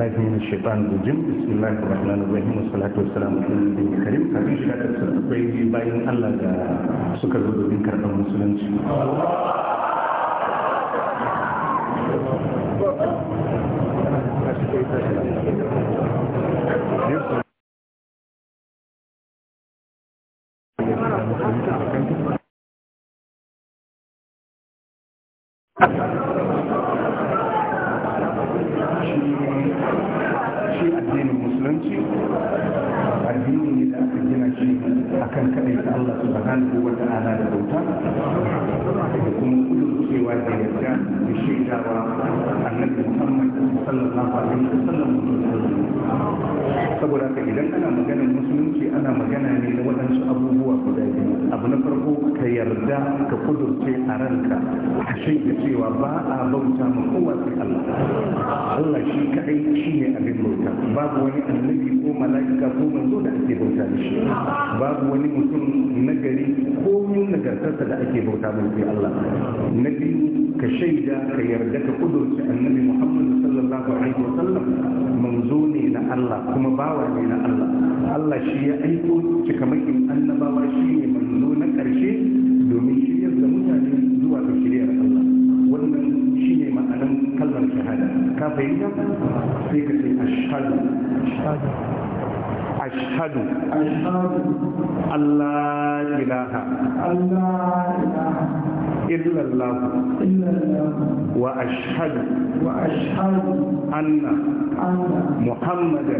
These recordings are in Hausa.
بالله من الشيطان الرجيم بسم الله الرحمن الرحيم والصلاة والسلام على النبي الكريم bayan Allah da suka zo domin musulunci ka kudurce a ranka a shaida cewa ba a bauta ma kowa Allah Allah shi kaɗai shi ne abin bauta babu wani annabi ko mala'ika ko manzo da ake bauta da shi babu wani mutum nagari gari ko yin nagartarsa da ake bauta mai shi Allah na biyu ka shaida ka yarda ka kudurce annabi Muhammad sallallahu alaihi wa sallam manzo ne na Allah kuma bawa ne na Allah Allah shi ya aiko cikamakin annabawa shi ne manzo na ƙarshe ɗaukar shari'ar Allah wannan shi ne ma'anan kalmar shahada ka fahimta sai ka ce ashhadu أشهد أن لا إله إلا الله وأشهد أن محمدا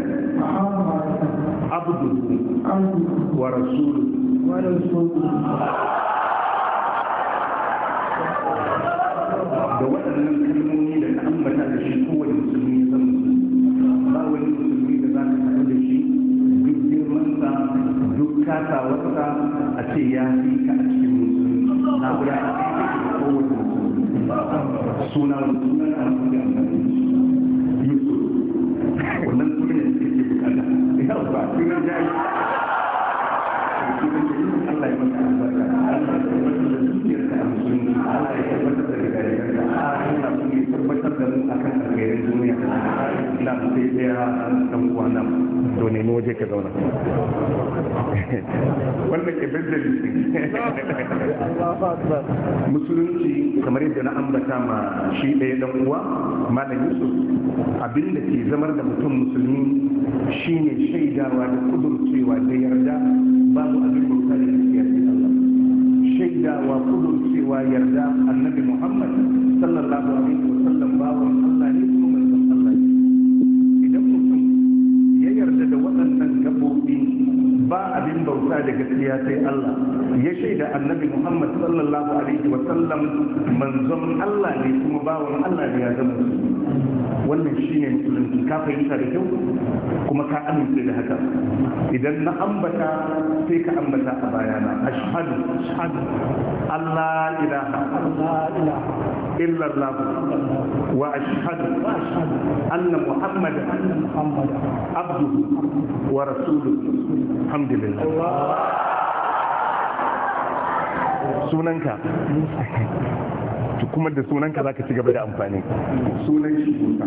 عبده ورسوله da waɗannan kalmomi da ka ambata da shi kowane musulmi ya san musulmi ba wani musulmi da za ka tafi da shi duk girmansa duk kasawarsa a ce ya fi ka a cikin musulmi na guda a cikin kowane musulmi suna sunan a cikin amfani yusuf wannan sunan da suke bukata ya ba sunan jayi Allah ya albarka Allah ya tabbatar da zuciyarka Allah ya da gamsar da mu akan alherin duniya ina su sai tsaya dan uwa nan to ne mu waje ka zauna wannan ke bezzali musulunci kamar yadda na ambata ma shi ɗaya dan uwa malam yusuf abin da ke zamar da mutum musulmi shine shaidawa da kudurcewa da yarda babu abin bauta da gaskiya sai Allah shaidawa kudurcewa yarda annabi muhammad sallallahu alaihi gaskiya sai Allah ya shaida annabi Muhammad sallallahu alaihi wa sallam manzon Allah ne kuma bawan Allah ne ya zama wannan shine musulunci ka fahimta da kyau kuma ka amince da haka idan na ambata sai ka ambata a bayana ashhadu ashhadu Allah ilaha Allah ilaha illa Allah wa ashhadu wa ashhadu anna Muhammad anna Muhammad abduhu wa rasuluhu alhamdulillah sunanka to kuma da sunan ka zaka ci gaba da amfani sunan shi kusa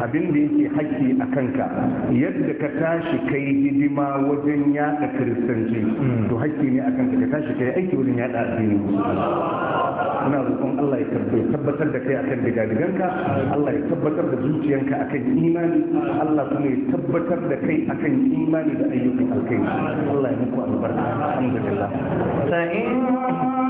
abin da yake haƙƙi a kanka yadda ka tashi kai hidima wajen yaɗa kristanci to haƙƙi ne a kanka ka tashi kai aiki wajen yaɗa addini ina roƙon Allah ya tabbatar da kai akan digadiganka Allah ya tabbatar da zuciyanka akan imani Allah kuma ya tabbatar da kai akan imani da ayyukan alkai Allah ya muku albarka alhamdulillah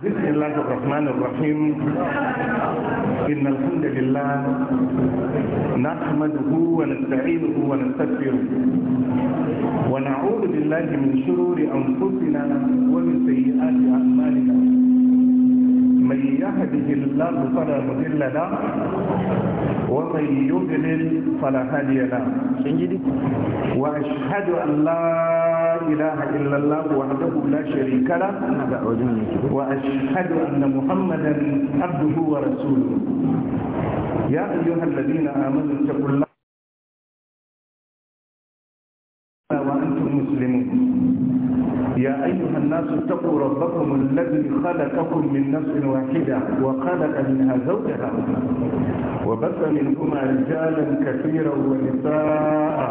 بسم الله الرحمن الرحيم إن الحمد لله نحمده ونستعينه ونستغفره ونعوذ بالله من شرور أنفسنا ومن سيئات أعمالنا يهده الله فلا مضل له ومن يضلل فلا هادي له واشهد ان لا اله الا الله وحده لا شريك له واشهد ان محمدا عبده ورسوله يا ايها الذين امنوا اتقوا الله الناس اتقوا ربكم الذي خلقكم من نفس واحدة وخلق منها زوجها وبث منهما رجالا كثيرا ونساء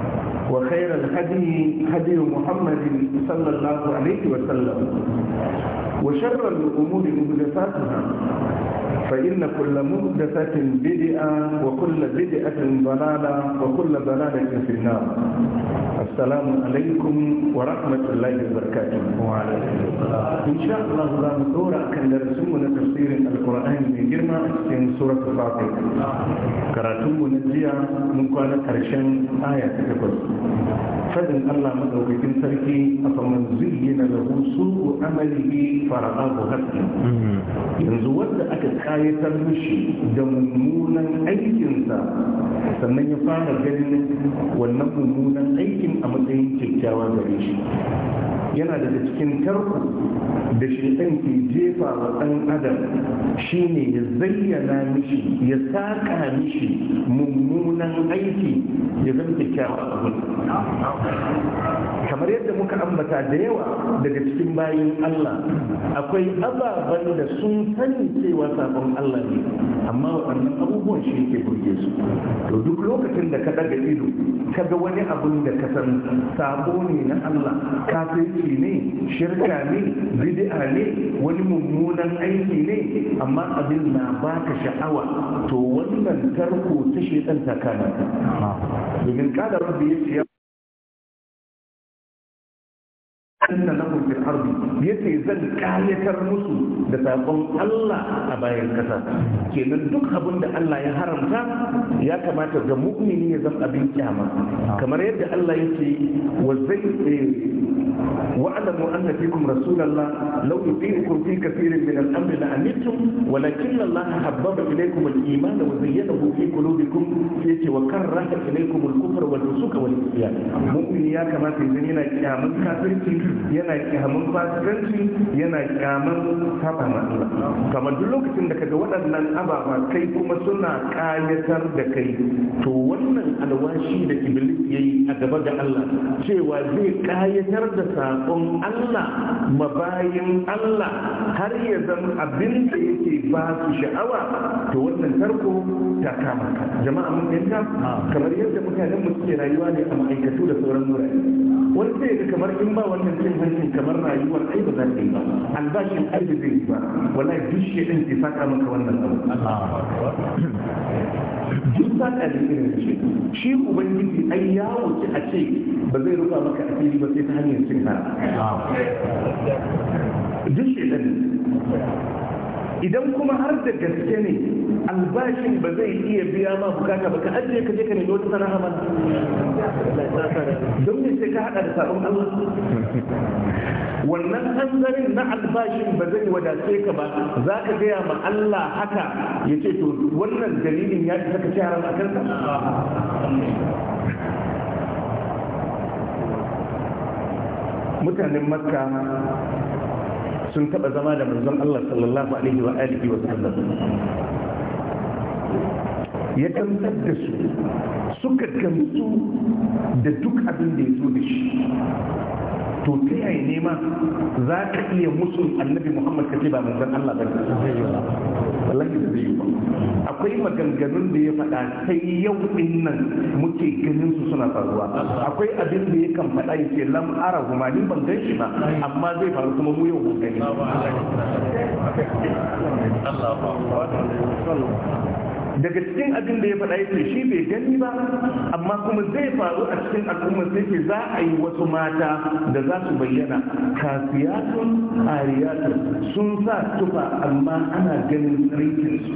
وخير الهدي هدي محمد صلى الله عليه وسلم وشر الأمور مهدفاتها فإن كل محدثة بدعة وكل بدعة ضلالة وكل ضلالة في النار السلام عليكم ورحمة الله وبركاته وعليكم السلام إن شاء الله لا دورا كان درسونا تفسير القرآن من جرمة في سورة فاطر كراتم نجيا من قال كرشان آية تكبر فإن الله مدوك تركي أفمن زين له سوء عمله فرآه هكذا ينزو ودأك أكد ƙayatar mushi da mummunan aikinsa sannan ya fara ganin wannan mummunan aikin a matsayin kyakkyawa gare shi yana daga cikin tarko da ɗan ke jefa wa ɗan adam ne ya zayyana mishi ya saƙa mishi mummunan aiki ya zama kyakkyawa abin kamar yadda muka ambata da yawa daga cikin bayan Allah akwai ababen da sun sani cewa sabon Allah ne amma waɗannan abubuwan shi ke burge su to duk lokacin da ka daga ido ka ga wani abin da ka san sabo ne na Allah kafirci ne shirka ne bid'a ne wani mummunan aiki ne amma abin na baka sha'awa to wannan tarko ta shedan ta kana domin kada rabbi ya anna lahum fil ardi yace zan kayatar musu da sakon Allah a bayan kasa kenan duk abin da Allah ya haramta ya kamata ga mu'mini ya zama abin kyama kamar yadda Allah yake wa zai eh, واعلموا أن فيكم رسول الله لو يطيعكم في كثير من الأمر لعنتم ولكن الله حبب إليكم الإيمان وزينه في قلوبكم يتي وكره إليكم الكفر والفسوق والعصيان مؤمن يا كما تزن ينا كامن كافرتي ينا كامن فاسقنتي ينا كامن سابا كما دلوك تندك دولا لن أبا كي كما سنة كايتر دكي تو ونن الواشي دك بلس يي أدبا الله شيء وزي كايتر دكي da saƙon Allah mabayin Allah har ya zan abin da yake ba su sha'awa to wannan tarko ta kama ka jama'a mun yanta kamar yadda mutanen mu ke rayuwa ne a ma'aikatu da sauran wurare wani sai ga kamar in ba wannan cin hancin kamar rayuwar ai ba za ta yi ba albashin ai ba zai yi ba Wala duk shi ke saka maka wannan abu duk saka da irin shi shi ubangiji ai ya wuce a ce ba zai rufa maka asiri ba sai ta hanyar cin haram duk shaidan idan kuma har da gaske ne albashin ba zai iya biya ma bukata ba ka ajiye ka je ka nemi wata sana'a ba don me sai ka hada da sabon Allah wannan hanzarin na albashin ba zai wadace ka ba za ka gaya ma Allah haka ya ce to wannan dalilin ya isa ka ci haram a kanka mutanen makka sun taɓa zama da manzon Allah sallallahu alaihi wa alihi wa sallam ya gamsar da su suka gamsu da duk abin da ya zo da shi to ta yaya ne za ka iya musu annabi muhammad ka ce ba san allah ba wallahi da zai yi ba akwai maganganun da ya faɗa sai yau din nan muke ganin su suna faruwa akwai abin da ya kan faɗa yake ce lam ara huma ban gan shi ba amma zai faru kuma mu yau mun gani daga cikin abin da ya faɗa yake shi bai gani ba amma kuma zai faru a cikin al'ummar sai ke za a yi wasu mata da za su bayyana kafiyatun ariyatun sun sa tufa amma ana ganin tsarikin su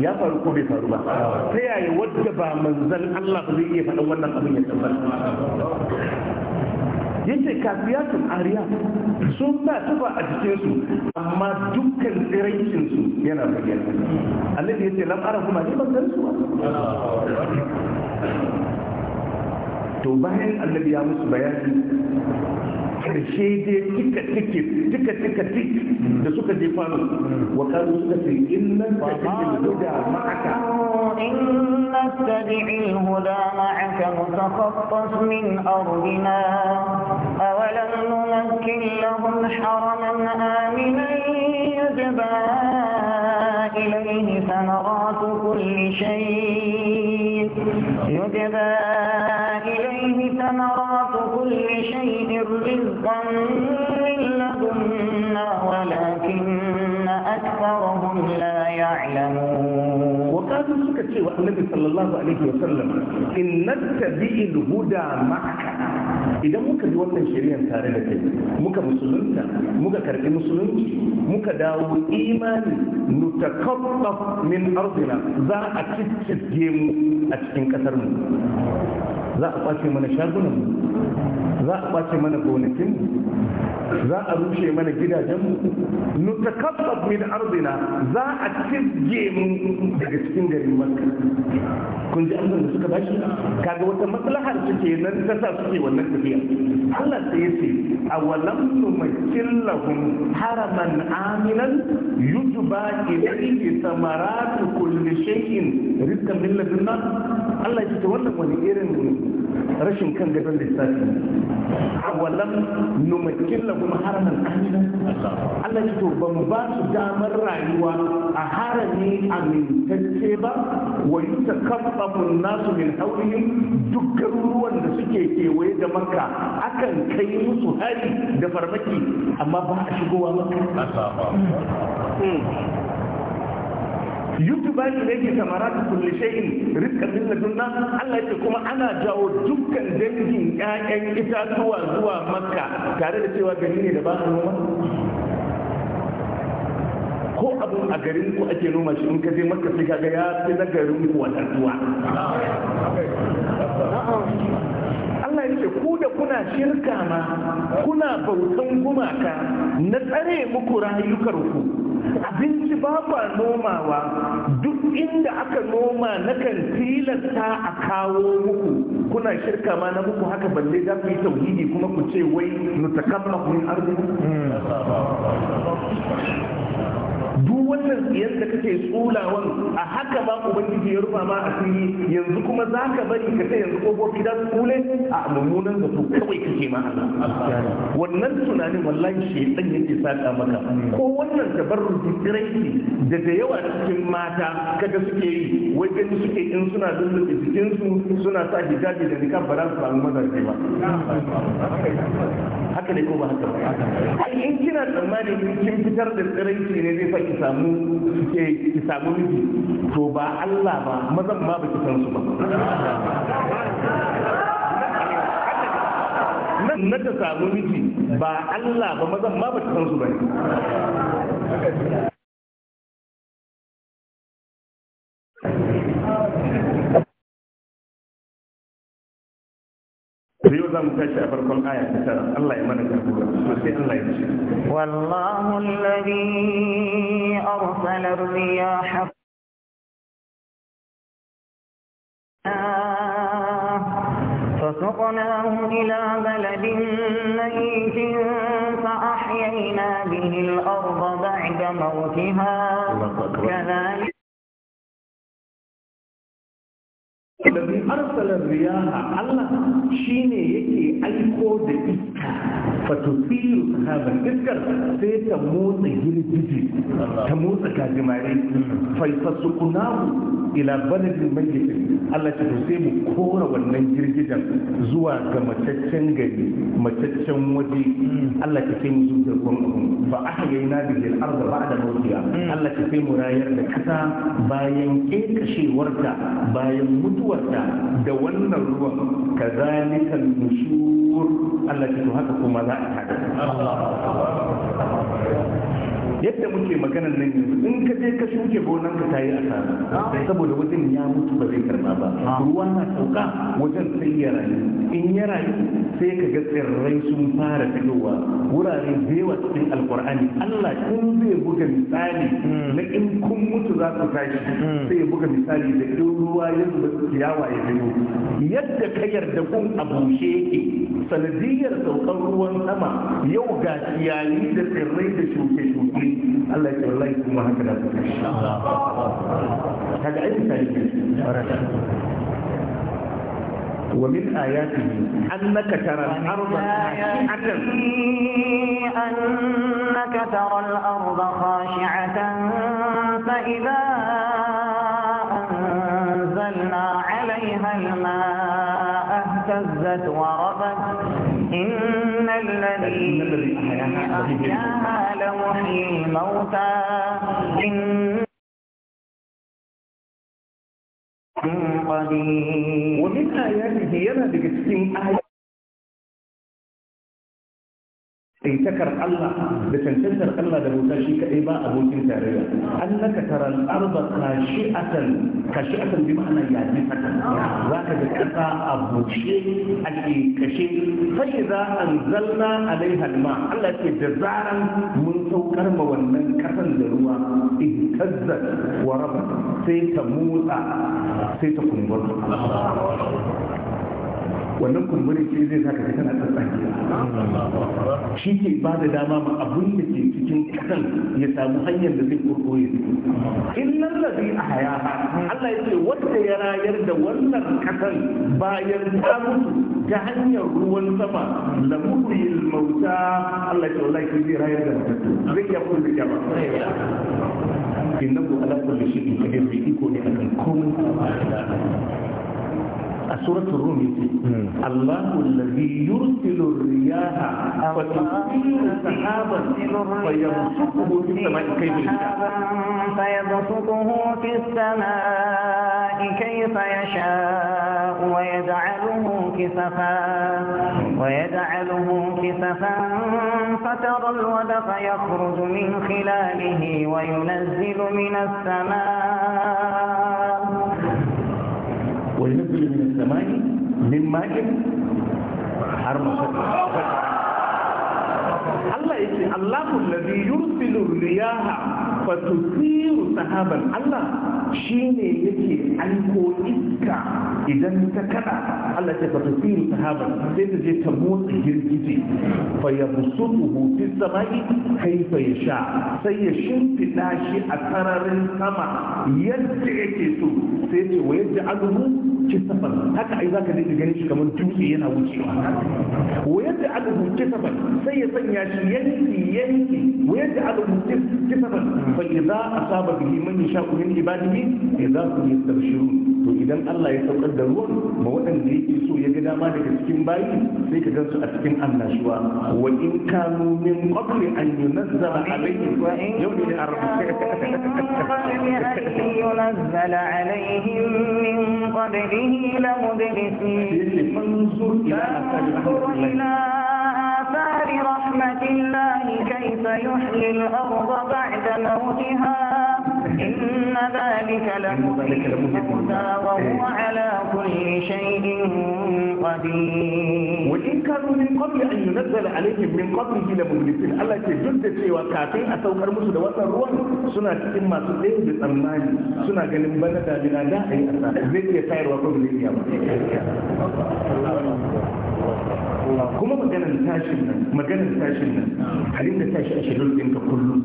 ya faru ko bai faru ba ta yaya wadda ba manzan Allah zai iya faɗin wannan abin ya tabbata yake kafiyatun ariya sun ba tufa a su amma dukkan su yana bayyana Allah ya ce lamara kuma ni ban san su ba to bayan Allah ya musu bayani karshe dai tika tike tika tika tik da suka je fano wa kanu suka ce inna tabi'il huda ma'aka inna tabi'il huda ma'aka mutakhaffas min ardina awalam numakkin lahum haraman aminan yujba ilayhi ثمرات كل شيء يجبى رزقا من لدنا ولكن أكثرهم لا يعلمون sahabu suka ce wa annabi sallallahu alaihi wasallam in nattabi'il huda ma'aka idan muka bi wannan shari'ar tare da kai muka musulunta muka karbi musulunci muka dawo imani nutakaffaf min ardina za a ciccige mu a cikin kasar mu za a kwace mana shagunan za a kwace mana gonakin za a rushe mana gidajen gidajenmu nutakaffaf min ardina za a cizge mu daga cikin garin makka kun ji amsar da suka bashi kaga wata maslahar suke nan ta sa suke wannan tafiya Allah sai ya ce a walam numakkin lahum haraman aminan yujba ilayhi samaratu kulli shay'in rizqan min ladunna Allah ya ce wannan wani irin rashin kan gadon lissafi awalam numakin lahum haraman amina Allah ya ce ban ba su damar rayuwa a harami amintacce ba wa yutakaffafu nasu min hawlihim duk garuruwan da suke kewaye da Makka akan kai musu hari da farmaki amma ba a shigowa Makka bashi ne ke samaratu kulle shay'in rizqan min juna. Allah ya ce kuma ana jawo dukkan dangin ƴaƴan itatuwa zuwa Makka tare da cewa gani ne da ba su noma ko abun a garin ku ake noma shi in ka je Makka sai kaga ya fi na garin ku wadatuwa Allah ya ce ku da kuna shirka ma kuna bautan gumaka na tsare muku rayukarku abinci ba kwa nomawa duk inda aka noma na kan tilasta a kawo muku kuna shirka ma na muku haka balle za ku yi tauhidi kuma ku ce wai nutakamma kun arziki hmm. duk wannan tsiyar da kake tsulawan a haka ba ubangiji ya rufa ma a sirri yanzu kuma za ka bari ka sai yanzu kofar gida su kule a mummunan zato kawai kake ma wannan tunanin wallahi shaitan yake saka maka ko wannan tabarruki tsiraiki da da yawa cikin mata kada suke yi wajen suke in suna lullube su suna sa hijabi da nikab ba za su samu ba haka ne ko ba haka ba tsammanin kin fitar da ce ne zai fa ki samu ke ki samu miji to ba Allah ba mazan ma ba ki san su ba nan na ta samu miji ba Allah ba mazan ma ba ki san su ba ريو زم كاش افركم آية كتارا الله يمنك أقول والله الذي أرسل الرياح فسقناه إلى بلد ميت فأحيينا به الأرض بعد موتها كذلك Allazi arsalar riyaha Allah shi ne yake aiko da iska Fato tusiru iskar sai ta motsa girgiji ta motsa kajimare faifasu fasukunahu ila baladin mayyit Allah ta sai mu kora wannan girgijan zuwa ga mataccen gari mataccen waje Allah ta sai mu zuwa ruwan ba a yi na da ba a da mawtiha Allah ta sai mu rayar da kasa bayan ƙeƙashewarta bayan mutuwa da wannan ruwan kazalikan nushur Allah ya haka kuma za a tada yadda muke maganar nan yanzu in ka je ka shuke gonan ka tayi asara saboda wajen ya mutu ba zai karba ba ruwa na sauka wajen sai ya rayu in ya rayu sai ka ga tsirrai sun fara fitowa wurare zewa cikin alkur'ani Allah in zai buga misali na in kun mutu za ku tashi sai ya buga misali da in ruwa ya zuba ciyawa ya fito yadda ka yarda kun a bushe yake sanadiyar saukar ruwan sama yau ga ciyayi da tsirrai da shuke-shuke Allah ya kira laifin kuma haka da su kaga aiki tare ومن آياته أنك ترى الأرض خاشعة أنك ترى الأرض خاشعة فإذا أنزلنا عليها الماء اهتزت وربت إن الذي أحياها لمحيي الموتى إن قدير ومن آياته ينادك السين آيات ɗaitakar Allah da cancantar Allah da bauta shi kaɗai ba abokin tarayya an naka taran arba kashi asan kashi asan bi ma'ana ya ji haka za ka ga ƙasa a buce ake kashe sai za an zalla alai halma Allah ce da zaran mun saukar ma wannan ƙasan da ruwa in tazzar wa raba sai ta motsa sai ta kumbura wannan kumburin ke zai saka kana tsatsaki shi ke ba da dama ma abun da ke cikin kasan ya samu hanyar da zai kurkoye zai a haya Allah ya ce wanda ya rayar da wannan kasan bayan ta ta hanyar ruwan sama la mauta Allah ya ce wallahi zai rayar da mutu zai ya kuma zai ya ba innahu ala kulli shay'in qadir bi iko na akan komai سورة الروم الله الذي يرسل الرياح فتثير سحابا فيبسطه في السماء كيف يشاء فيبسطه في السماء كيف يشاء ويجعله كسفا ويجعله كسفا فترى الودق يخرج من خلاله وينزل من السماء wani nufili min samani min ma'in har Allah ya ce Allahun lazi yursilu riyaha fa Allah shi ne yake aiko iska idan ta kada Allah ta fata siru sahaban sai ta je ta motsa girgije fa ya musutu hutu sama'i kai fa ya sha sai ya shimfiɗa shi a sararin sama yadda yake so sai ce wa yadda azumu kisafan haka ai zaka dinga ganin shi kamar dutse yana wucewa wa yadda aka huce safan sai ya sanya shi yanki yanki wa yadda aka huce kisafan fa idza asaba bihi man yasha'u min ibadihi idza hum yastabshirun to idan Allah ya saukar da ruwan ma waɗanda yake so ya ga dama daga cikin bayi sai ka gansu a cikin annashuwa wa in kanu min qabli an yunazzala alayhim yawmin arba'a yunazzala alayhim min qabli به لمبلسين فانظر إلى آثار رحمة الله كيف يحيي الأرض بعد موتها إن ذلك لمحدى وهو على كل شيء قدير وإن كانوا من قبل أن ينزل عليهم من قبله لمبلسين الله ke duk da cewa kafin a saukar musu da wannan ruwan suna cikin masu tsaye da tsammani suna ganin bana a yi zai iya ba kuma maganar tashin nan maganar tashin nan halin da tashi a shirin ɗinka kullum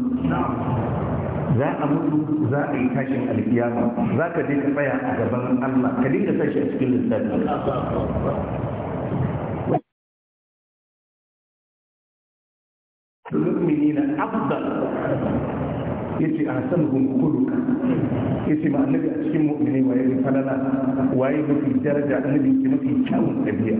za a mutu za a yi tashin alkiyama za ka je tsaya a gaban Allah ka dinga sashi a cikin lissafi المؤمنين أفضل yace ahsanuhum khuluqa yace ma annabi a cikin mu'mini waye ne falala waye mafi daraja annabi ke mafi kyawun tabiya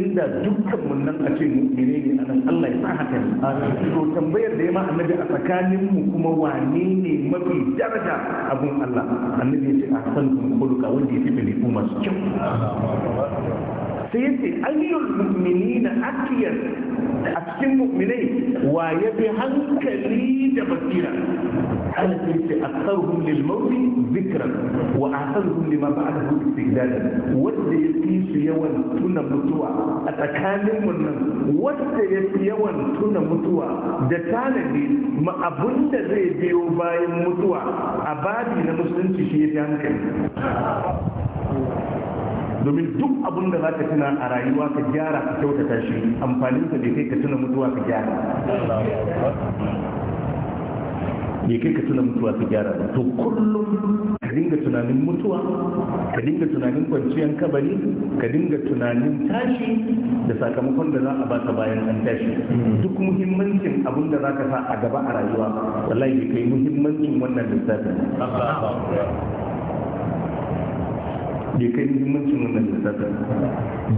inda dukkan mun nan a ce mu'mini ne anan Allah ya sa ta to tambayar da ya ma annabi a tsakanin mu kuma wane ne mafi daraja abun Allah annabi yace ahsanuhum ka wanda yafi ne masu kyau sai yace ayyul mu'minina akiyar a cikin mu'minai wa ya fi hankali da basira Allah sai yace aktsaruhum lil mawt zikran wa ahsanuhum lima ba'dahu istidada wanda ya fi su yawan tuna mutuwa a tsakanin mun nan wanda ya fi yawan tuna mutuwa da tanadi ma abinda zai biyo bayan mutuwa a babi na musulunci shi ya fi hankali domin duk abin da zaka tuna a rayuwa ka gyara ka kyautata shi amfanin kai ka tuna mutuwa ka gyara bai kai ka tuna mutuwa ka gyara ba to kullum ka dinga tunanin mutuwa ka dinga tunanin kwanciyar kabari ka dinga tunanin tashi da sakamakon da za a baka bayan an tashi duk muhimmancin abin da zaka sa a gaba a rayuwa wallahi ya kai muhimmancin wannan lissafin bai kai muhimmancin wannan lissafin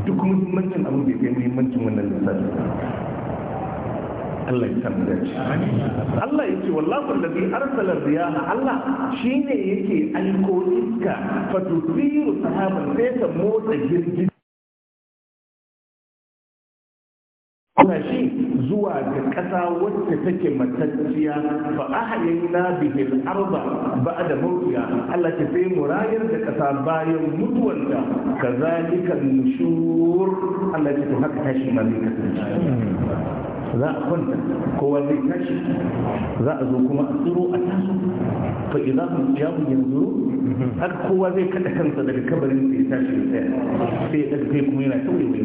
duk muhimmancin abu bai kai muhimmancin wannan lissafin Allah ya samu dace Allah yake wallahu allazi arsala riyaha Allah shine yake aiko iska fa tudiru sahaban sai ta motsa jirgin. zuwa ga ƙasa wacce take matacciya fa ahayna bihi al-arda ba'da mawtiha Allah ke sai mu da ƙasa bayan mutuwanta kazalika nushur Allah ke to haka tashi ma zai kasance za a kwanta kowa zai tashi za a zo kuma a tsiro a taso fa idza hum qiyamun yanzuru har kowa zai kada kansa daga kabarin sai tashi sai sai da kai kuma yana tawaye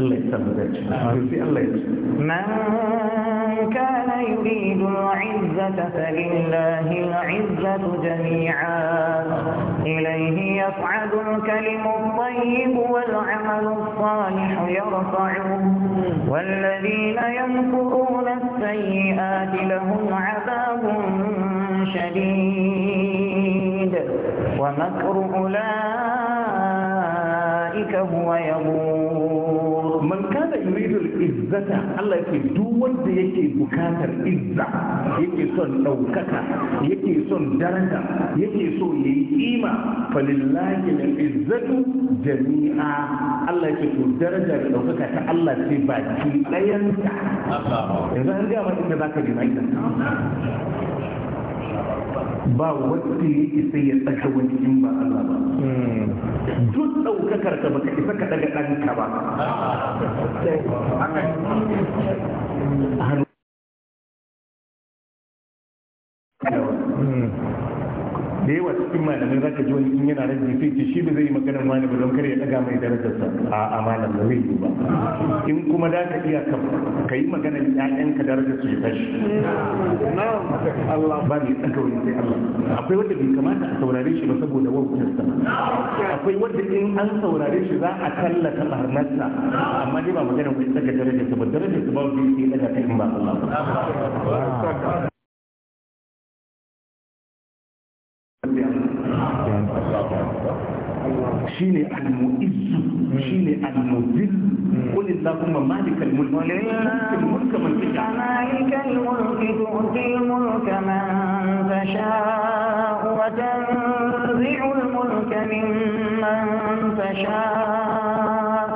آه. الله يثبتك من كان يريد العزة فلله العزة جميعا إليه يصعد الكلم الطيب والعمل الصالح يرفعه والذين ينكرون السيئات لهم عذاب شديد ومكر أولئك هو يبور yuridul izzata Allah yake duk wanda yake bukatar izza yake son ɗaukaka yake son daraja yake so yayi kima falillahi al izzatu jami'a Allah yake to daraja da ɗaukaka ta Allah ce baki ɗayanta yanzu an ga ma inda zaka ji mai ba wanda yake sai ya tsaka wani in ba Allah ba duk daukakar ka baka isa ka daga ɗanka ba Mm. da yawa cikin malamai za ka ji wani in yana rage sai ce shi ba zai yi maganar wani ba don kar ya daga mai darajarsa a amalan ba zai yi ba in kuma da ka iya ka ka yi maganar ka darajar su ya tashi Allah ba mai tsaka wani sai Allah akwai wanda bai kamata a saurare shi ba saboda wautarsa akwai wanda in an saurare shi za a tallata barnarsa amma dai ba maganar wani tsaka darajarsa ba darajarsa ba wani sai daga ta in ba Allah ba شيني المؤذ شيني المذل قل اللهم مالك الملك مالك الملك من تشاء مالك الملك تؤتي الملك من تشاء وتنزع الملك ممن تشاء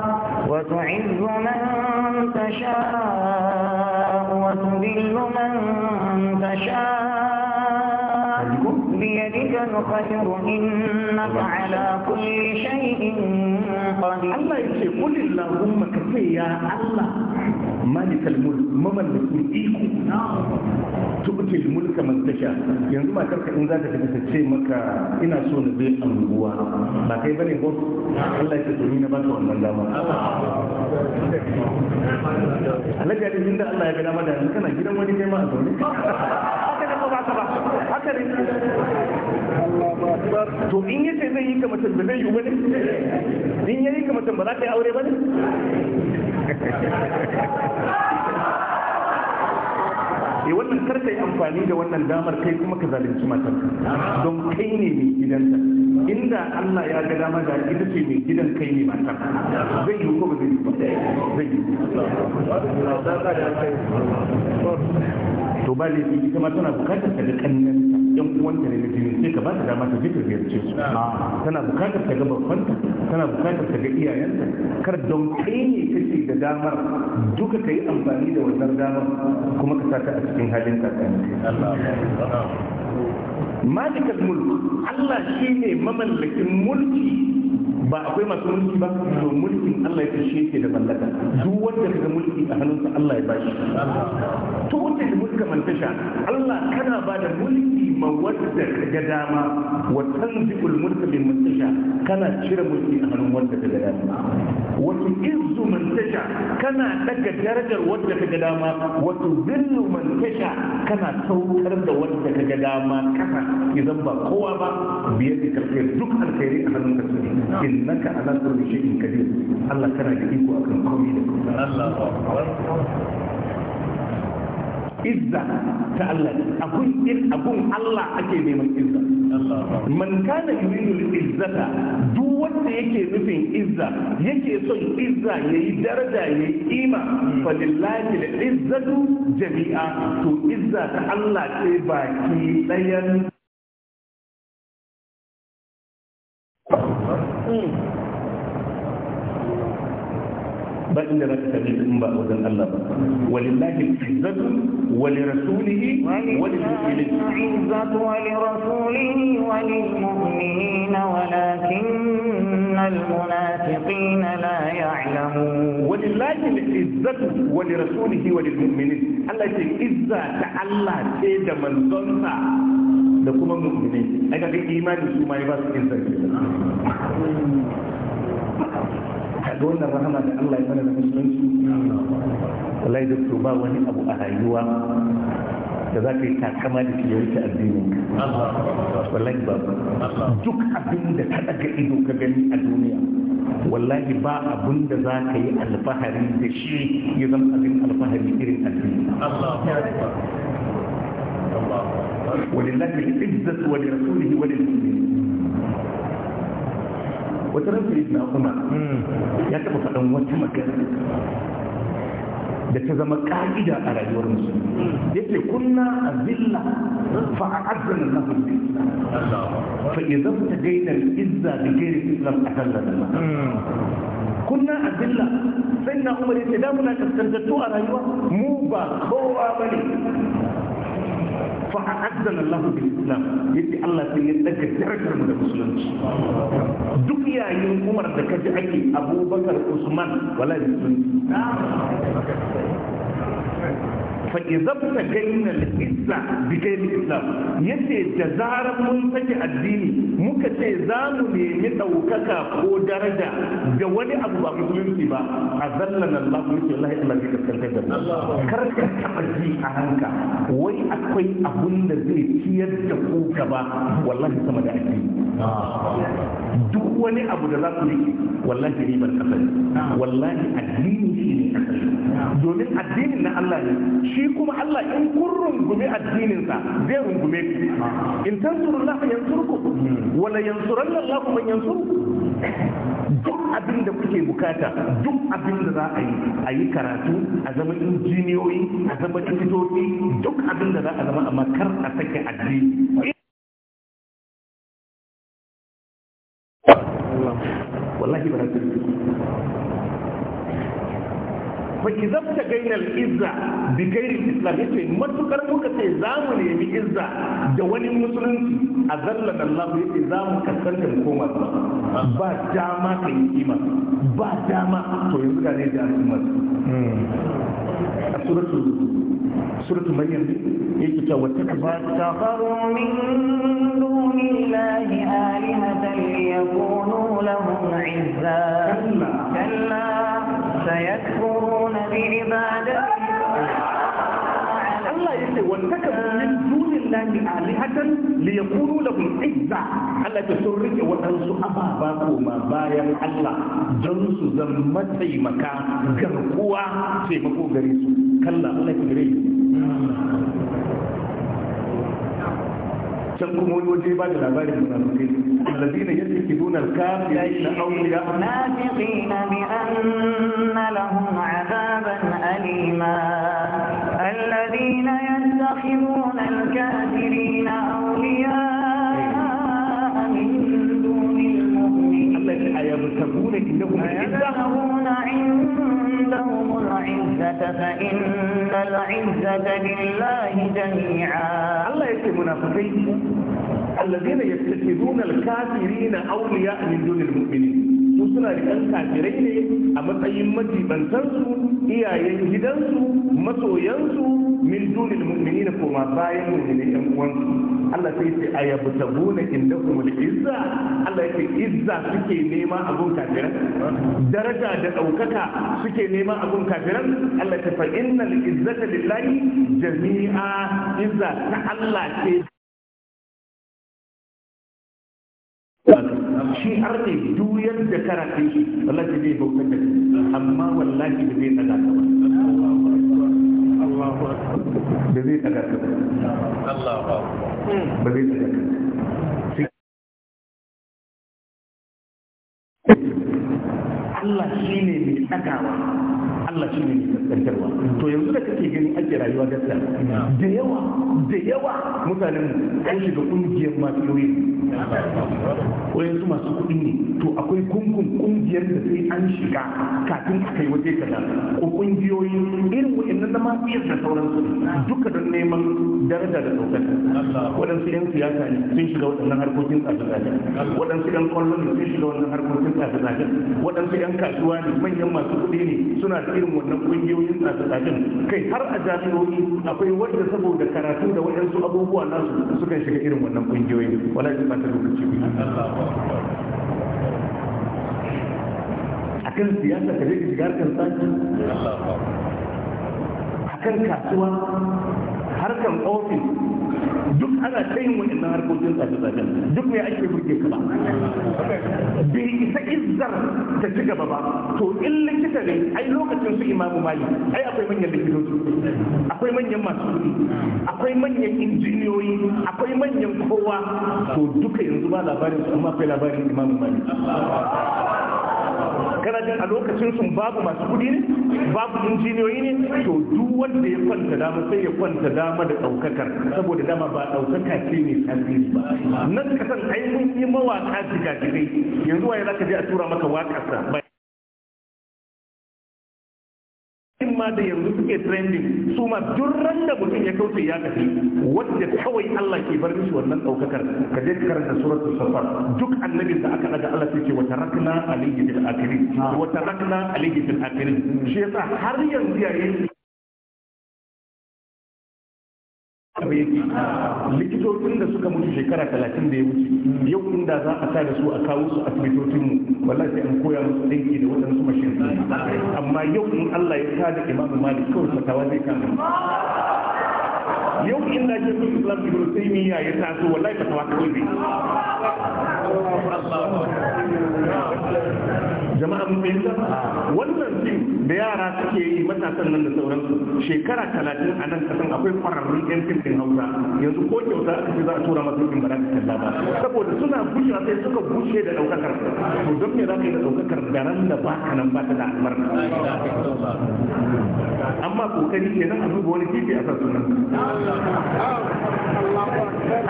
وتعز من تشاء وتذل من تشاء الخير إنك على كل شيء قدير yanzu karka in za ka tafi ta ce maka ina so na je anguwa ba kai bane ko Allah ya to na baka wannan dama da Allah ya ga dama da kana gidan wani ma a zaune haka da ba ba haka ne to in ya ce zai yi ka mace ba zai yi bane in yayi ka mace ba za ka yi aure bane e eh, wannan kar ka yi amfani da wannan damar kai kuma ka zalunci matar don kai ne mai gidanta inda Allah ya ga dama da ita ce mai gidan kai ne matar zai yi ko ba zai yi ba zai yi to ba laifi ita ma tana bukatar ta da kannan yan uwanta ne na jini sai ka ba ta dama ta je ziyarce tana bukatar ta ga babbanta tana bukatar ta ga iyayenta kar don kai ne kake da damar duka ka yi amfani da wannan damar kuma ka sa ta a cikin halin tsakani malikal mulk Allah shi ne mamallakin mulki ba akwai masu mulki ba to mulkin Allah ya ce shi yake da mallaka duk wanda kaga mulki a hannunsa Allah ya bashi to wanda da mulka man Allah kana ba da mulki ma wanda kaga dama wa tanzi'ul mulka min man kana cire mulki a hannun wanda kaga dama wa tu'izzu man kana daga darajar wanda kaga dama wa tuzillu man kana saukar da wanda kaga dama kasa idan ba kowa ba biyar da karfe duk alkhairi a hannunka su innaka ala kulli shay'in qadir Allah kana da iko akan komai da komai Allahu akbar izza ta Allah akwai in abun Allah ake neman izza man kana yuridu izzata duk wanda yake nufin izza yake son izza yayi daraja yayi kima hmm. fa lillahi izzatu jami'a to izza ta Allah ce baki dayan ba inda za ka same in ba wajen Allah ba walillahi izzatu wa li rasulihi wa lil mu'minin izzatu wa li rasulihi wa lil mu'minin al munafiqin la ya'lamun walillahi izzatu wa li rasulihi wa lil mu'minin Allah ce izza ta Allah ce da manzonsa da kuma mu'mini ai ga imani su ma ya ba su yin sarki ga wannan rahama da Allah ya da musulunci wallahi da ba wani abu a rayuwa da za ka yi takama da shi ya addini wallahi ba duk abin da ta daga ido ka gani a duniya wallahi ba abin da za ka yi alfahari da shi ya zama abin alfahari irin addini ولله العزة ولرسوله وللمؤمنين wata ran sayyidina umar ya taɓa faɗan da ta zama ƙa'ida a rayuwar musulmi yake kunna a zilla fa a azzan na fa idan ta gaina izza da gaira islam a kan lalama kunna a zilla sai na umar damuna kaskantattu a rayuwa mu ba kowa ba ne fa a'azzana Allahu bil Islam yadda Allah sai ya daga darajar mu da musulunci duk yayin Umar da kaji ake Abubakar Usman da musulunci fa idza tagayna al-islam bi kayyil islam yace da zarar mun saki addini muka ce za mu nemi daukaka ko daraja da wani abu ba musulunci ba azallana Allah yace wallahi Allah zai kaskantar da mu kar ka taba ji a ranka wai akwai abun da zai ciyar da ku gaba wallahi sama da addini duk wani abu da za ku yi wallahi ribar kasar wallahi addini shi ne kasar domin addinin na Allah ne shi shi kuma Allah in kun rungume addininsa zai rungume ku in tansurullah yansurku wala yansuranna Allah kuma yansurku duk abin da kuke bukata duk abin da za a yi a yi karatu a zama injiniyoyi a zama likitoci duk abin da za a zama amma kar a sake addini wallahi ba na fa kizabta gainal izza bi gairi islam yace matukar muka ce za mu nemi izza da wani musulunci a zallan Allah yace za mu kasance mu koma ba dama ka yi kima ba dama to yanzu ga ne da al'umma a suratul suratul maryam yake cewa wata kafaru min dunillahi alihatan liyakunu lahum izza kalla فيكفرون بعبادتهم Allah ya ce wanda ka min dunin lahi alihatan li yakunu lahum izza Allah ya sun rike waɗansu ababa koma bayan Allah don su zama taimaka garkuwa taimako gare kalla Allah ya can kuma wani waje ba da labarin munafikai الذين يتخذون الكافرين أولياء ناسقين بأن لهم عذابا أليما الذين يتخذون الكافرين أولياء من دون المؤمنين عندهم العزة فإن العزة لله جميعا الله يكفي منافقين alladhina yattakiduna alkafirina awliya min dunil mu'minin su suna rikan kafirai ne a matsayin majibantansu iyayen gidansu masoyansu min dunil mu'minina koma bayan mu'minai yan uwansu Allah sai ce ayabtabuna indakum al-izza Allah yake izza suke nema abun kafiran daraja da ɗaukaka suke nema abun kafiran Allah ta fa innal izzata lillahi jami'a izza ta Allah ce har ne duk yadda karate shi Allah ya bautar da amma wallahi da zai ba zai ba ba Allah shi ne mai tsakawa Allah shi ne mai tsakarwa to yanzu da kake gani ake rayuwa gaskiya da yawa da yawa mutanen an shiga kungiyar masu yoyi ko yanzu masu kuɗi ne to akwai kungun kungiyar da sai an shiga kafin a kai waje kaza ko kungiyoyi irin wa'annan na masu yin da sauransu duka don neman daraja da Wadan waɗansu 'yan siyasa ne sun shiga waɗannan harkokin tsaka tsafe waɗansu 'yan kwallon sun shiga waɗannan harkokin tsaka tsafe waɗansu 'yan kasuwa Wani ne manyan masu kuɗi ne suna da irin wannan ƙungiyoyin tsatsatsatsin kai har a jami'o'i akwai wanda saboda karatu da waɗansu abubuwa nasu sukan shiga irin wannan ƙungiyoyin wala ji ba ta lokaci a kan siyasa ka je ka shiga harkar tsaki a kan kasuwa harkar ofis duk ana tsayin wani na harkokin tsafe-tsafen duk mai ake burge ka ba bai isa izzar ta ci gaba ba to in likita ne ai lokacin su imamu mali ai akwai manyan likitoci akwai manyan masu kuɗi akwai manyan injiniyoyi akwai manyan kowa to duka yanzu ba labarin su amma akwai labarin imamu mali kana a lokacin sun babu masu kudi ne babu injiniyoyi ne to duk wanda ya kwanta dama sai ya kwanta dama da daukakar saboda dama ba daukaka ce ne tasiri ba nan kasan ai mun yi mawaka jigajigai yanzu waye zaka je a tura maka sa. ma da yanzu suke trending su ma duk da mutum ya kauce ya tafi wanda kawai Allah ke bar mishi wannan daukakar ka je karanta suratul safar duk annabin da aka daga Allah sai ce wa tarakna alayhi bil akhirin wa tarakna alayhi bil akhirin shi yasa har yanzu yayin haka ba likitocin da suka mutu shekara talatin da ya wuce yau inda za a sa da su a kawo su mu wallahi sai an koya musu dinki da waɗansu mashin amma yau in Allah ya sa da imamu malik kawai fatawa zai kama yau in da ke sun islam ibn taymiya ya taso wallahi fatawa kawai zai jama'a mun bayyana wannan din da yara suke yi matasan nan da sauransu shekara talatin a nan kasan akwai kwararrun yan fim din hausa yanzu ko kyauta aka za a tura masu fim ba za ba saboda suna a sai suka bushe da ɗaukakar to don me za ka yi da ɗaukakar da ba ka nan ba ta da albarka amma kokari kenan a duba wani titi a sa sunan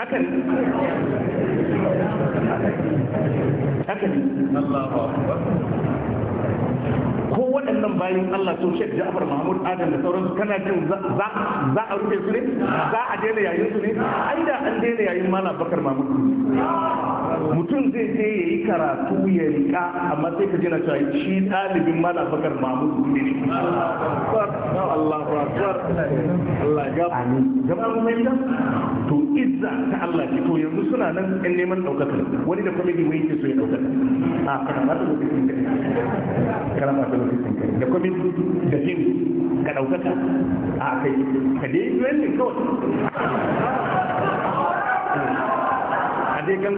hakan haka ne ko waɗannan bayan Allah to Sheikh Ja'far Mahmud Adam da sauransu kana jin za za a rufe su ne za a daina yayin su ne ai da an daina yayin Malam Bakar Mahmud mutum zai je ya yi karatu ya rika amma sai ka jira cewa shi ɗalibin Malam Bakar Mahmud ne Allah akbar Allah ya yi to izza ta Allah ki to yanzu suna nan in neman ɗaukaka wani da kuma bai yake so ya ɗaukaka a kana ba da kana da kwamin da jin ka ɗaukaka a kai ka dai yi kawai dai kan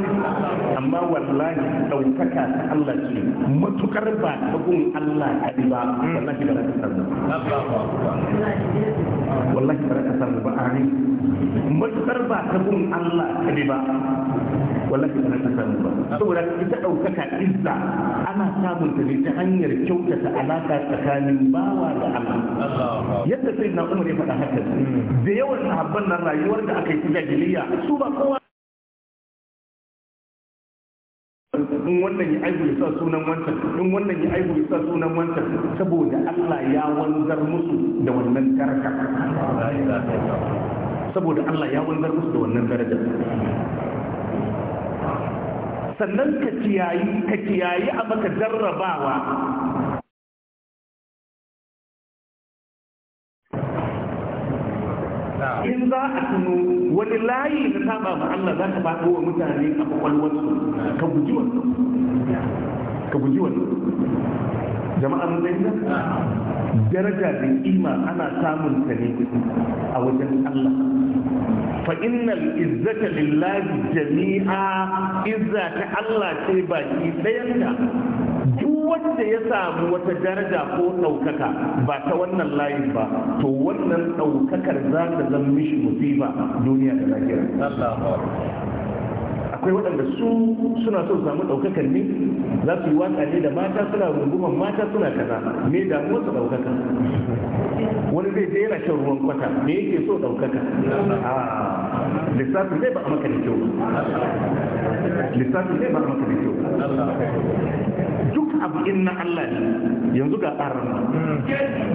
amma wallahi ɗaukaka ta Allah ce matukar ba ta gun Allah kaɗi ba wallahi ba za ka wallahi ba za ka ba ari matukar ba ta gun Allah kaɗi ba wallahi ba za ka ba saboda ita ɗaukaka izza ana samun ta ne ta hanyar kyautata alaka tsakanin bawa da Allah yadda sai na umar ya faɗa haka da yawan sahabban nan rayuwar da aka yi ta jahiliya su ba kowa in wannan ya aihu ya sa sunan wancan in wannan ya aihu ya sa sunan wancan saboda Allah ya wanzar musu da wannan tarka saboda Allah ya wanzar musu da wannan daraja sannan ka kiyayi ka kiyayi a maka jarrabawa in za a tuno wani layi ka saba ma Allah za ka faɗo wa mutane a kwakwalwarsu ka guji wannan ka guji wannan jama'a mun fahimta daraja da ima ana samun ta ne a wajen Allah fa innal izzata lillahi jami'a izza ta Allah ce baki ɗayanta duk wanda ya samu wata daraja ko ɗaukaka ba ta wannan layin ba to wannan ɗaukakar za ta zama mishi musiba duniya da lafiya akwai waɗanda su suna so samu ɗaukakar ne za su yi waƙa ne da mata suna runguman mata suna kaza me damuwar su ɗaukaka wani zai je yana shan ruwan kwata me yake so ɗaukaka a ah, lissafi zai ba a maka da kyau lissafi zai ba a maka da kyau duk abu in na Allah ne yanzu ga tsarar nan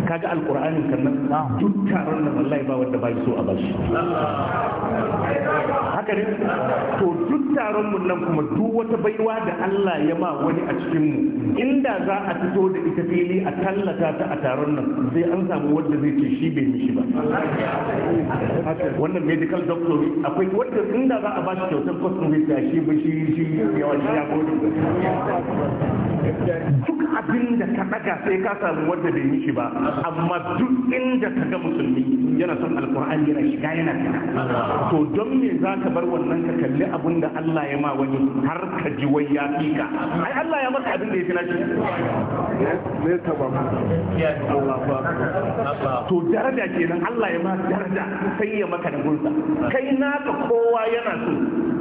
kaga alkur'ani kan nan duk taron nan wallahi ba wanda ba so a bashi haka ne to duk taron mu nan kuma duk wata baiwa da Allah ya ba wani a cikin mu inda za a fito da ita fili a tallata ta a taron nan sai an samu wanda zai ce shi bai mishi ba wannan medical doctor akwai wanda inda za a bashi kyautar kwasin zai ce shi shi shi ya gode duk abin da ka daga sai ka samu wanda bai yi shi ba amma duk inda ka ga musulmi yana son alkur'an yana shiga yana fita to don me za ka bar wannan ka kalli abin da Allah ya ma wani har ka ji wai ya fi ka ai Allah ya masa abin da ya fi nashi to daraja kenan Allah ya ma daraja sai ya maka da gunsa kai na ka kowa yana so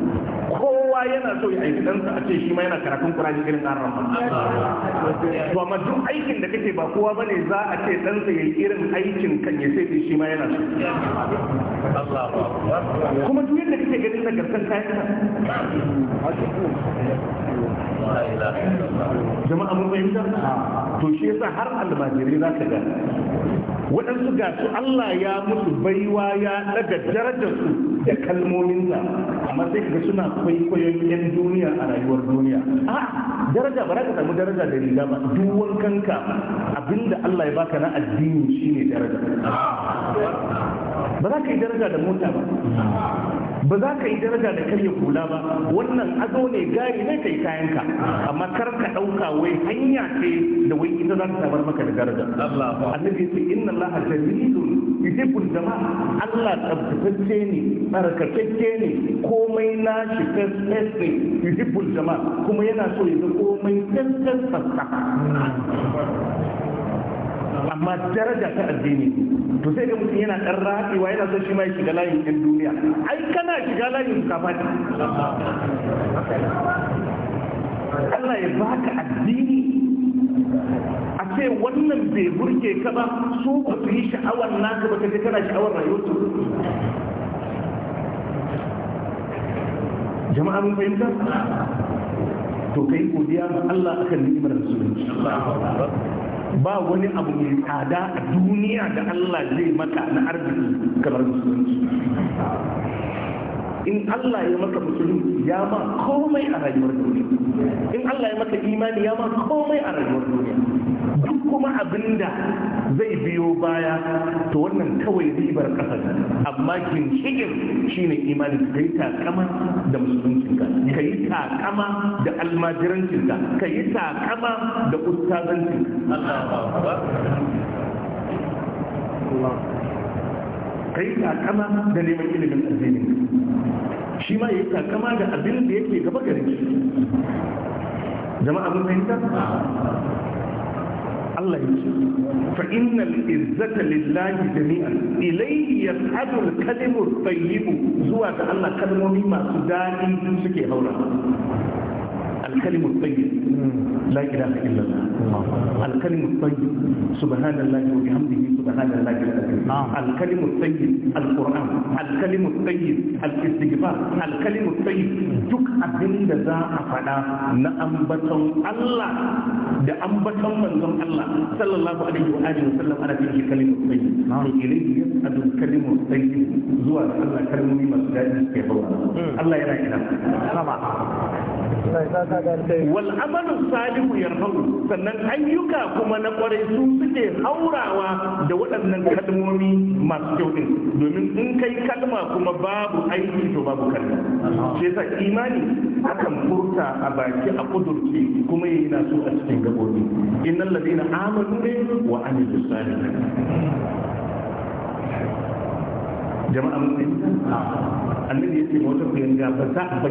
kowa yana so ya aiki ɗansa a ce shi ma yana karatun kurani irin ɗan ramma to amma duk aikin da kake ba kowa bane za a ce ɗansa ya yi irin aikin kan ya sai shi ma yana so kuma duk yadda kake ganin nagartan kayan jama'a mun fahimta to shi yasa har almajirai za ka ga waɗansu ga su Allah ya musu baiwa ya daga darajarsu da kalmominsa amma sai ga suna kwaikwayon yan duniya a rayuwar duniya a daraja ba ka samu daraja da riga ba Duwan kanka, abinda Allah ya baka na addini shine daraja ba za ka yi daraja da mota ba ba za ka yi daraja da karya kula ba wannan azo ne gari ne kai ka amma kar ka dauka wai hanya ce da wai ita za ta samar maka da daraja annabi ce inna allaha jamilun yuhibbul jama'a Allah tabbatacce ne barkatacce ne komai na shi fes ne yuhibbul kuma yana so ya ga komai fes fasaha amma daraja ta addini to sai ga mutum yana dan rahatsewa yana son shi ma ya shiga layin yan duniya ai kana shiga layin ka fadi Allah ya baka addini a ce wannan bai burge ka ba su ba su yi sha'awar naka ba kaje kana sha'awar rayuwarsu jama'a mun fahimta to kai godiya ma Allah akan ni'imar musulunci ba wani abu mai tsada a duniya da Allah zai mata na arziki kamar musulunci in Allah ya maka musulunci ya ma komai a rayuwar duniya in Allah ya maka imani ya ma komai a rayuwar duniya duk kuma abinda zai biyo baya to wannan kawai ribar kasar amma kin shigin shine imanin kai takama da musuluncinka ka yi takama da almajirancin ka yi takama da ustazancinka ka yi takama da neman ilimin addinin shi ma yi takama da abin da yake gaba gari jama'a mun fahimta Allah yake fa innal izzata lillahi jami'an ilayhi yas'adu al-kalimu at-tayyib zuwa ga Allah kalmomi masu dadi suke haura الكلم الطيب لا إله إلا الله الكلم الطيب سبحان الله وبحمده سبحان الله العظيم الكلم الطيب القرآن الكلم الطيب الاستغفار الكلم الطيب duk abin da za a faɗa na ambaton Allah da ambaton manzon Allah sallallahu alaihi wa alihi wasallam ana cikin kalimar tsayi to ilayhi yasadu kalimar tsayi zuwa ga Allah kalmomi masu daɗi suke bawa Allah yana ina sama wal Salihu salihu yarhamu sannan ayyuka kuma na kwarai su suke haurawa da waɗannan kalmomi masu kyau din domin in kai kalma kuma babu aiki to babu kalma shi yasa imani akan furta a baki a kudurci kuma yana so a cikin gabobi innal ladina amanu ne wa amilus salihin jama'a mun annabi yace mota ku yanga ba ta ba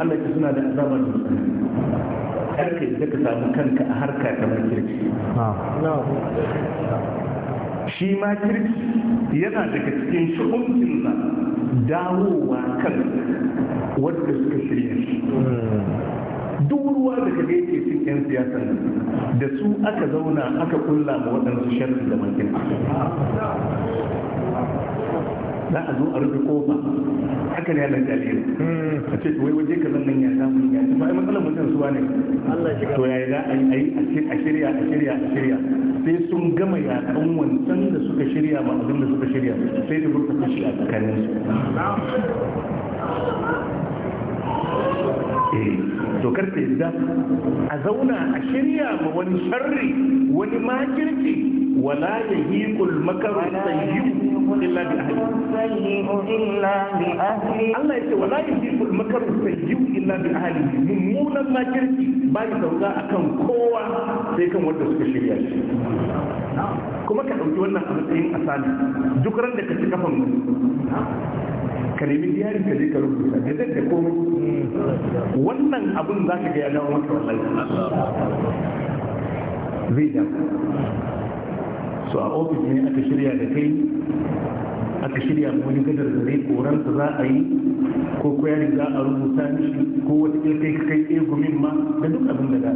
Allah ya suna da azaba da karka da ka samu kanka a harka kamar kirki shi kirki yana daga cikin shi'uncinsa dawowa kan wadda suka shirya shi duk ruwa da ka yake cin yan siyasan da su aka zauna aka kulla ma waɗansu shirin da mankin za a zo a rufe kofa haka ne yadda jalilu a ce wai waje ka nan ya samu ya ci ai matsalar mutum suwa ne to yaya za a yi a shirya a shirya a shirya sai sun gama kan wancan da suka shirya ba abin da suka shirya sai da burka kashi a tsakanin su eh, to karfe da a zauna a shirya ma wani sharri wani makirci ولا يهيق المكر السيء إلا بأهله الله يقول ولا يهيق المكر السيء إلا بأهله ممونا ما كرتي باي سوزا أكن قوة سيكون ودى سكشريا كما كأوتي وانا أمسين أسالي ذكرا لك تكفن ka nemi ka je ka rubuta ka zai da komai wannan abin za ka ga ya dawo maka wallahi zai dawo so a ofis ne aka shirya da kai aka shirya wani gadar da zai ta za a yi ko koyarin za a rubuta shi, ko wata kai ka kai egumin ma da duk abin da za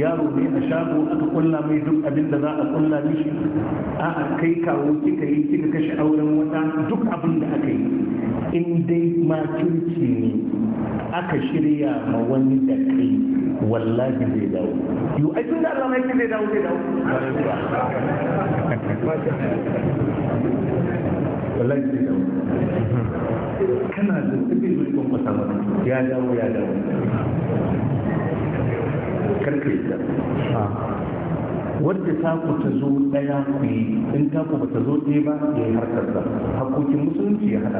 yaro ne a shago aka kulla mai duk abin da za a kulla mishi a a kai kawo kika yi kika kashe auren wata duk abin da aka yi in dai makirci ne aka shirya ma wani da kai wallahi zai dawo yau a tun da Allah mai zai dawo zai dawo wallahi zai dawo kana da tafi zai kun kwata ya dawo ya dawo karka yi da wadda taku ta zo ɗaya ku yi in taku ba ta zo ɗaya ba ya yi harkar da hakokin musulunci ya hada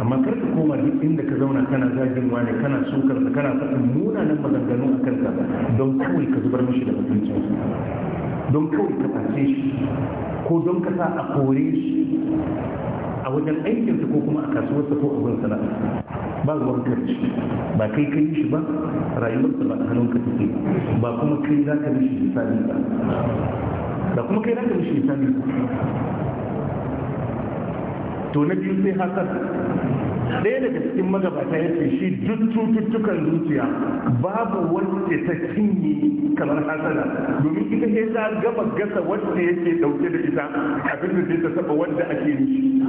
amma kar ka koma duk inda ka zauna kana zagin wani kana sukar da kana faɗin munanan maganganu a kansa don kawai ka zubar mashi da mutuncin don kawai ka face shi ko don ka sa a kore shi a wajen aikinsa ko kuma a kasuwarsa ko a wurin sana'a ba ruwan karci ba kai kai shi ba rayuwarsa ba a hannunka take ba kuma kai za ka mishi misali ba da kuma kai za ka mishi misali to na biyu sai hasad ɗaya daga cikin magabata ya ce shi duk cututtukan zuciya babu wacce ta cinye kamar hasada domin ita ce ta gama gasa wacce yake dauke da ita abin da zai ta saba wanda ake yi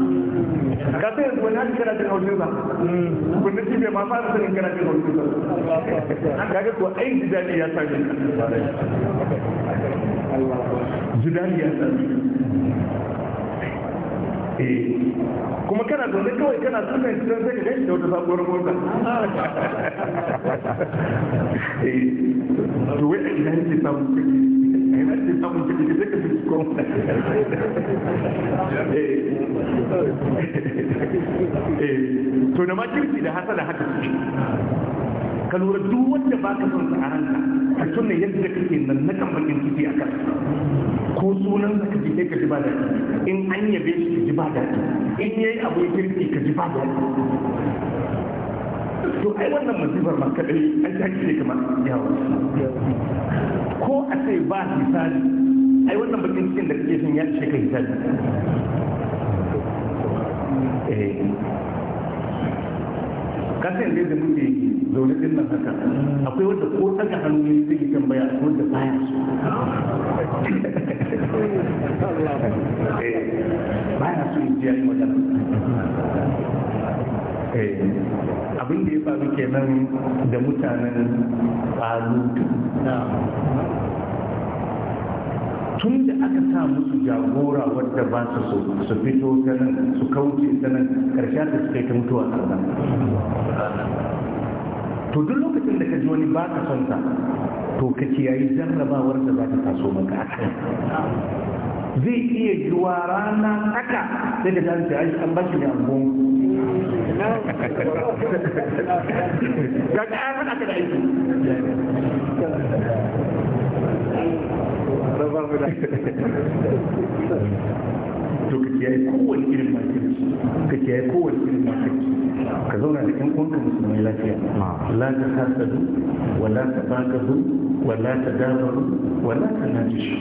ka yanzu wani haka karatun haushin sa kunna mm. shi bai ma fara sanin karatun haushin Ya ga ko ai jidali ya sami jidali ya sami Eh. kuma kana zaune kawai kana sunan shi don sai da wata sabuwar mota eh. to wai a ina yake samun kuɗi a ina yake samun kuɗi ka zaka fi ko eh. to da ma da hasala haka ka lura duk wanda baka son sa a ranka ka tuna yadda kake nan na kan bakin ciki a kan ko sunan da ka jike ka ji ba da in an yabe shi ka ji ba da in yayi abu ya kirki ka ji ba da to ai wannan masifar ma kadai an ta ne kamar yawa ko a ce ba hisabi ai wannan bakin cikin da kake son ya ce ka hisabi eh. kasan da muke zaune din nan haka akwai wanda ko daga hannu ne zai baya tambaya wanda baya so eh. baya su in jiyar yayi wajen eh. abin da ya faru kenan da mutanen ƙalu tun da aka sa musu jagora wadda ba su so su fito ta nan su kauce ta nan karshen da suka yi ta mutuwa a to duk lokacin da ka ji wani ba ka son sa to ka ce yayi jarrabawar da za ta taso maka a kai zai iya zuwa rana tsaka sai ka tashi ai an ba shi da angon ga ka an haka da aiki to ka kiyaye kowane irin makirci ka kiyaye kowane irin makirci ka zauna da ƴan uwanka musulmai lafiya la ta hasadu wa la ta bakazu wa la ta dabaru wa la ta najishu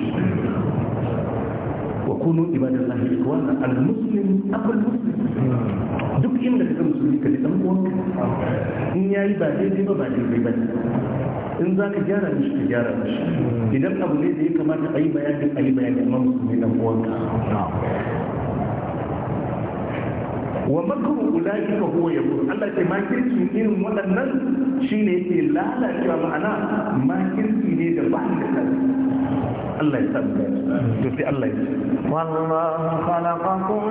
wa kunu ibadallahi ikwana al-muslim abul muslim duk inda ka musulmi ka ji dan uwanka in yi ba daidai ba ba daidai ba in za ka gyara mishi ka gyara mishi idan abu ne da ya kamata a yi bayanin a yi bayanin amma musulmi ɗan uwanka ومكر اولئك هو يقول الله يتي ما كيرسي ان ودنن شي ني لا لا كي معنا ما كيرسي ني ده الله يسلمك تو الله يسلمك والله خلقكم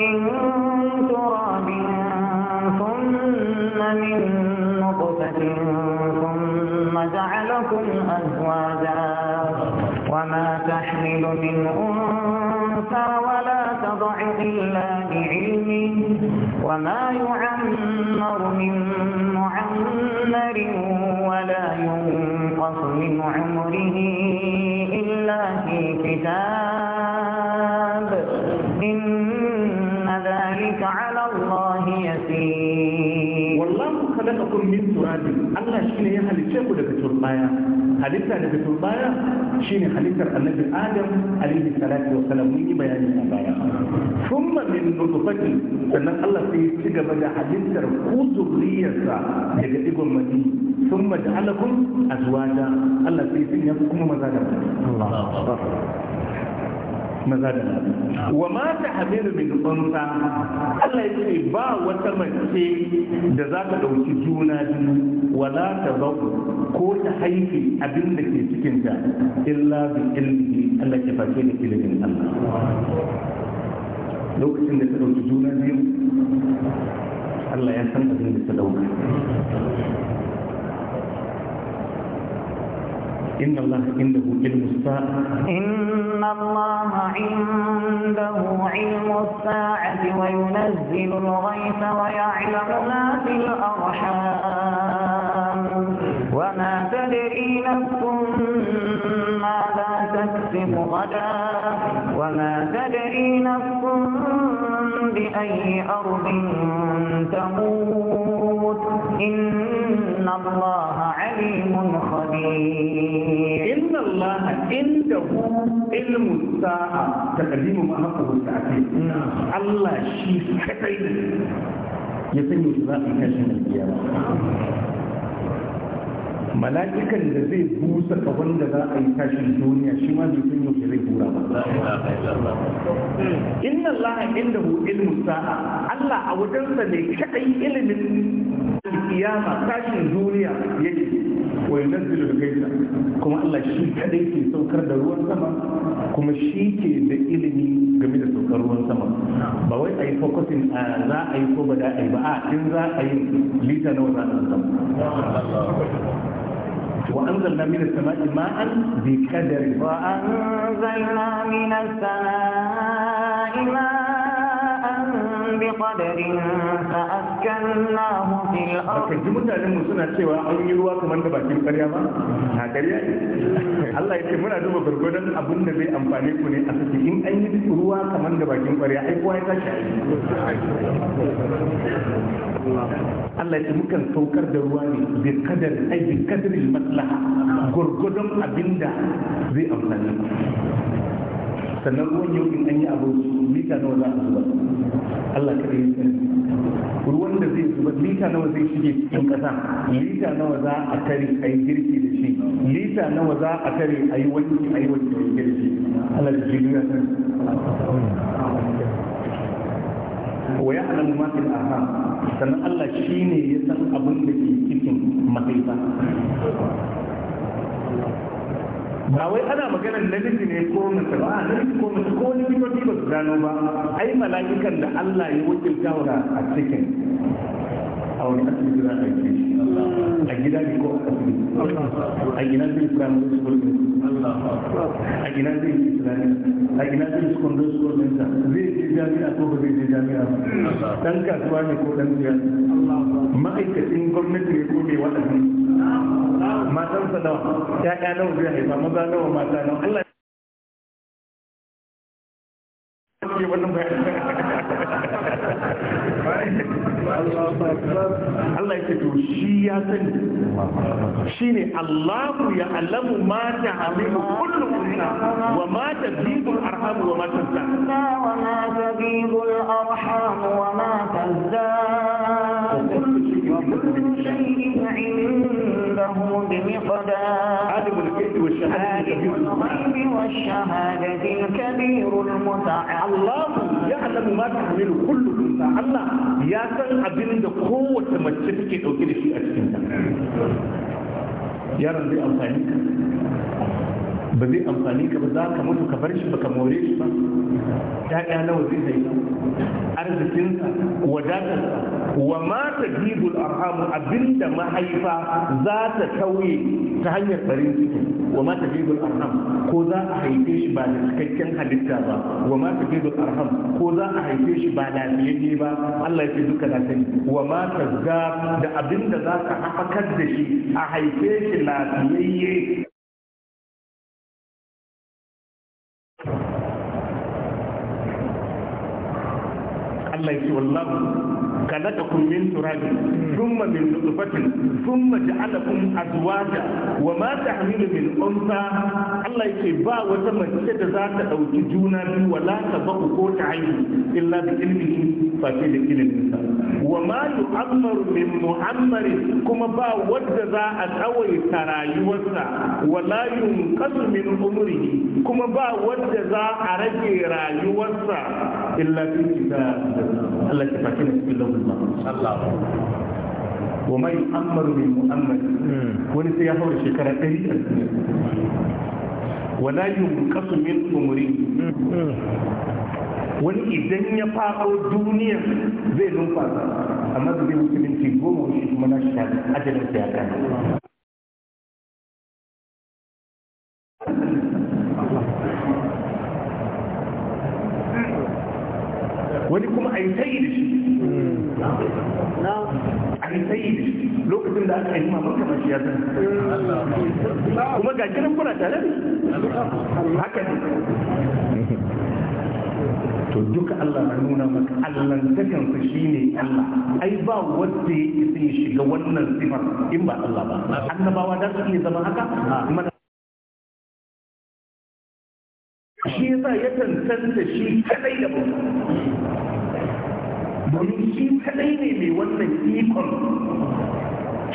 من تراب ثم من نطفه ثم جعلكم ازواجا وما تحمل من انثى تنسى ولا تضع إلا بعلمه وما يعمر من معمر ولا ينقص من عمره إلا في كتاب إن ذلك على الله يسير والله خلقكم من سؤال الله شنو يهل الشيخ لك تربايا halitta daga baya shine halittar annabi adam alaihi salatu wa salam mun yi bayani a baya thumma min nutfati sannan Allah sai ci gaba da halittar ku daga digon mani thumma ja'alakum azwaja Allah sai sun kuma maza da mata maza da mata wa ma ta hamilu min unsa Allah yake ba wata mace da za ta dauki juna biyu wala ta zaku ko ta haifi abin da ke cikin ta illa bi ilmi Allah ke fashe da ilimin Allah lokacin da ta dauki juna biyu Allah ya san abin da ta dauka إن الله عنده علم الساعة إن الله عنده علم الساعة وينزل الغيث ويعلم ما في الأرحام وما تدري نفس ماذا تكسب غدا وما تدري نفس بأي أرض تموت إن الله عليم خبير إن الله عنده علم الساعة تقديم ما حقه التعقيد نعم. الله شيء كثير يسمي الله كشف القيامة mala'ikan da zai busa kafan da za a yi tashin duniya shi ma mai san yau zai hura ba inna inda hu ilmu sa'a allah a wajensa ne kadai ilimin kiyama tashin duniya yake wa yunzilu al-ghaytha kuma allah shi kadai ke saukar da ruwan sama kuma shi ke da ilimi game da saukar ruwan sama ba wai a yi focusing a za a yi ko ba da ai ba a in za a yi lita nawa za a samu وأنزلنا من السماء ماء بقدر وأنزلنا من السماء ماء بقدر فأسفل Aka ji mu suna cewa an yi ruwa ba? Na Allah ya duba gwargwadon abin da zai amfani a kuwa ya Allah ya mukan saukar da ruwa ne bi kadar ai bi kadar maslaha gwargwadon abinda. zai amfani sannan ruwan yau in an yi abu mita nawa za a Allah ya yi ruwan da zai zuba lita nawa zai shige cikin ƙasa lita nawa za a tare a yi girki da shi lita nawa za a tare a yi wanki a yi wanki da girki Allah da jirgin wa ya alamu ma fil arham sannan Allah shine ya san abin da ke cikin mahaifa ba wai ana maganar nufi ne ko mace ba a nufi ko mace ko wani likitoci ba su gano ba ai mala'ikan da Allah ya wakilta wa a cikin a wani asibiti za a ɗauke a gida ne ko a gina zai primary school ne a gina zai islami a gina zai secondary school ne zai je jami'a ko ba zai je jami'a dan kasuwa ne ko dan siyasa ma'aikacin gwamnati ne ko mai waɗannan matansa nawa ya'ya nawa zai haifa maza nawa mata nawa Allah ke wannan bayanin Allah ya to shi ya sani shine Allahu ya alamu ma ta hamilu kullu unna wa ma tabibu arham wa ma tazda wa ma tabibu arham wa ma tazda wa kullu shay'in 'indahu عنده بمقدار عالم الغيب والشهادة الكبير المتعال الله يعلم ما تحمل كل أنثى الله يا سن أبين قوة ما تشتكي أو كده شيء أكثر يا رب أنصحك ba zai amfani ka ba za ka mutu ka bar shi ba ka more shi ba ya nawa zai haifa arzikinsa wadatar, wa ma ta gibul arhamu abinda mahaifa za ta tauye ta hanyar farin ciki wa ma ta gibul arham ko za a haife shi ba da cikakken halitta ba wa ma ta gibul arham ko za a haife shi ba lafiyayye ba Allah ya ce duka na sani wa ma ta da abinda za ka haɓakar da shi a haife shi na lafiyayye Allah ka wallahu khalaqakum min turabin thumma min nutfatin thumma ja'alakum azwaja wa ma tahmilu min unsa Allah yake ba wata mace da za ta dauki juna biyu wala ta baku ko ta haihu illa bi ilmihi fa da ilmin sa wa ma yu'ammaru min mu'ammari kuma ba wadda za a ta rayuwarsa wa la yunqasu min umrihi kuma ba wadda za a rage rayuwarsa illa fi kitab Allah fakina cikin Allah wa ma yu'ammaru min mu'ammari wani sai ya haura shekara 100 yunqasu min wani idan ya faɗo duniya, zai numfasa amma da zai wuce minti goma shi kuma na shi ajalin sa ya kai wani kuma a yi tayi da shi a yi tayi da shi lokacin da aka yi mamar kamar shi ya zan kuma ga kiran kuna tare da haka ne to duka Allah na nuna maka Allah allantakansa shi ne Allah ai ba wanda ya isa shiga wannan sifar in ba Allah ba annabawa da su iya zama haka shi yasa ya tantance shi kadai da bauta domin shi kadai ne mai wannan ikon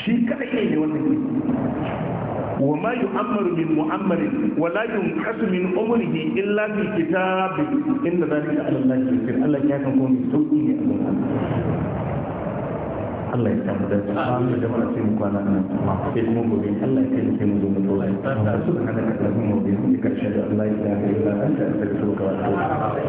shi kadai ne mai wannan ikon wa ma yu'ammaru min mu'ammarin wa la yunqasu min umrihi illa fi kitab inna dhalika 'ala Allah yasir Allah ya kan kuma a gurin Allah ya sai mu kwana nan sai kuma gobe Allah ya kai mu